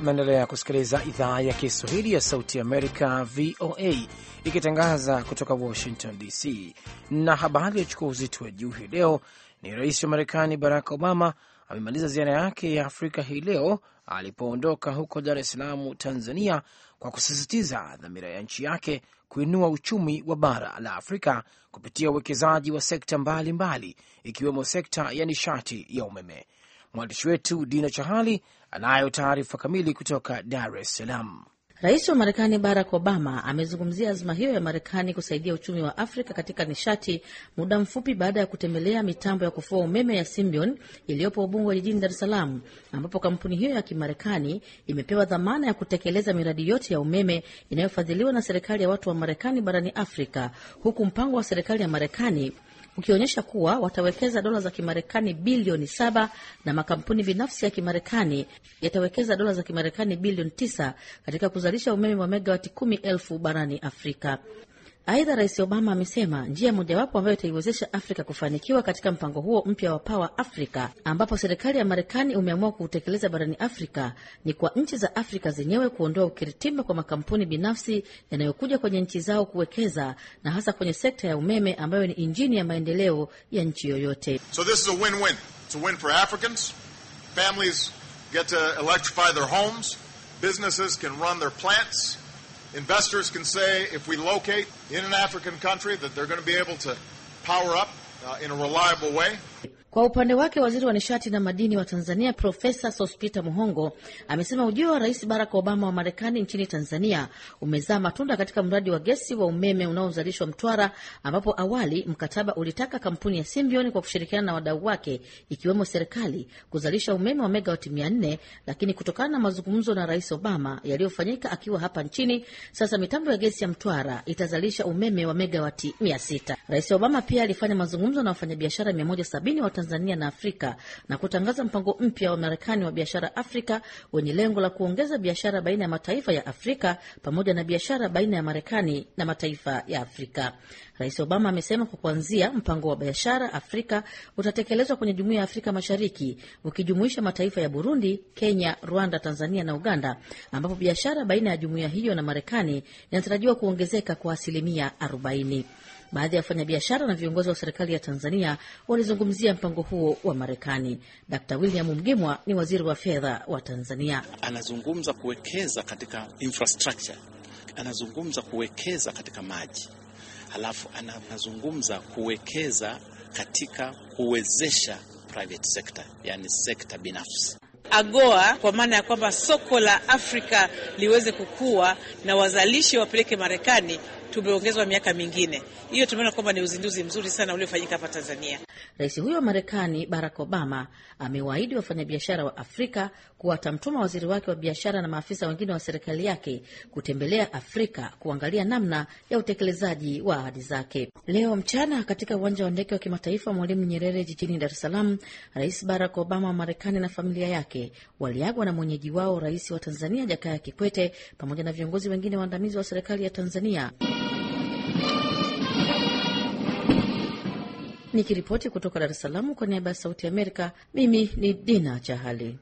Mnaendelea kusikiliza idhaa ya Kiswahili ya Sauti Amerika, VOA, ikitangaza kutoka Washington DC. Na habari yachukua uzito wa juu hii leo ni rais wa Marekani Barack Obama amemaliza ziara yake ya Afrika hii leo alipoondoka huko Dar es Salaam, Tanzania, kwa kusisitiza dhamira ya nchi yake kuinua uchumi wa bara la Afrika kupitia uwekezaji wa sekta mbalimbali mbali, ikiwemo sekta ya nishati ya umeme. Mwandishi wetu Dina Chahali anayo taarifa kamili kutoka Dar es Salaam. Rais wa Marekani Barack Obama amezungumzia azma hiyo ya Marekani kusaidia uchumi wa Afrika katika nishati muda mfupi baada ya kutembelea mitambo ya kufua umeme ya Symbion iliyopo Ubungo jijini Dar es Salaam, ambapo kampuni hiyo ya Kimarekani imepewa dhamana ya kutekeleza miradi yote ya umeme inayofadhiliwa na serikali ya watu wa Marekani barani Afrika, huku mpango wa serikali ya Marekani ukionyesha kuwa watawekeza dola za Kimarekani bilioni saba na makampuni binafsi ya Kimarekani yatawekeza dola za Kimarekani bilioni tisa katika kuzalisha umeme wa megawati kumi elfu barani Afrika. Aidha, Rais Obama amesema njia mojawapo ambayo itaiwezesha Afrika kufanikiwa katika mpango huo mpya wa Power Africa, ambapo serikali ya Marekani umeamua kuutekeleza barani Afrika, ni kwa nchi za Afrika zenyewe kuondoa ukiritimba kwa makampuni binafsi yanayokuja kwenye nchi zao kuwekeza, na hasa kwenye sekta ya umeme ambayo ni injini ya maendeleo ya nchi yoyote. So this is a win-win. It's a win for Africans. Families get to electrify their homes. Businesses can run their plants. Investors can say if we locate in an African country that they're going to be able to power up uh, in a reliable way. Kwa upande wake waziri wa nishati na madini wa Tanzania Profesa Sospita Muhongo amesema ujio wa Rais Barack Obama wa Marekani nchini Tanzania umezaa matunda katika mradi wa gesi wa umeme unaozalishwa Mtwara, ambapo awali mkataba ulitaka kampuni ya Simbioni kwa kushirikiana na wadau wake ikiwemo serikali kuzalisha umeme wa megawati mia nne, lakini kutokana na mazungumzo na Rais Obama yaliyofanyika akiwa hapa nchini, sasa mitambo ya gesi ya Mtwara itazalisha umeme wa megawati mia sita. Rais Obama pia alifanya mazungumzo na wafanyabiashara sabini wa Tanzania Tanzania na Afrika na kutangaza mpango mpya wa Marekani wa biashara Afrika wenye lengo la kuongeza biashara baina ya mataifa ya Afrika pamoja na biashara baina ya Marekani na mataifa ya Afrika. Rais Obama amesema kwa kuanzia, mpango wa biashara Afrika utatekelezwa kwenye Jumuiya ya Afrika Mashariki ukijumuisha mataifa ya Burundi, Kenya, Rwanda, Tanzania na Uganda, ambapo biashara baina ya jumuiya hiyo na Marekani inatarajiwa kuongezeka kwa asilimia 40. Baadhi ya wafanyabiashara na viongozi wa serikali ya Tanzania walizungumzia mpango huo wa Marekani. Dkt. William Mgimwa ni waziri wa fedha wa Tanzania. Anazungumza kuwekeza katika infrastructure, anazungumza kuwekeza katika maji, halafu anazungumza kuwekeza katika kuwezesha private sector, yani sekta binafsi AGOA kwa maana ya kwamba soko la Afrika liweze kukua na wazalishi wapeleke Marekani tumeongezwa miaka mingine. Hiyo tumeona kwamba ni uzinduzi mzuri sana uliofanyika hapa Tanzania. Rais huyo wa Marekani Barack Obama amewaahidi wafanyabiashara wa Afrika kuwa atamtuma waziri wake wa biashara na maafisa wengine wa serikali yake kutembelea Afrika kuangalia namna ya utekelezaji wa ahadi zake. Leo mchana katika uwanja wa ndege wa kimataifa Mwalimu Nyerere jijini Dar es Salaam, Rais Barack Obama wa Marekani na familia yake waliagwa na mwenyeji wao Rais wa Tanzania Jakaya Kikwete pamoja na viongozi wengine waandamizi wa serikali ya Tanzania. Nikiripoti kutoka Dar es Salaam kwa niaba ya Sauti Amerika, mimi ni Dina Chahali.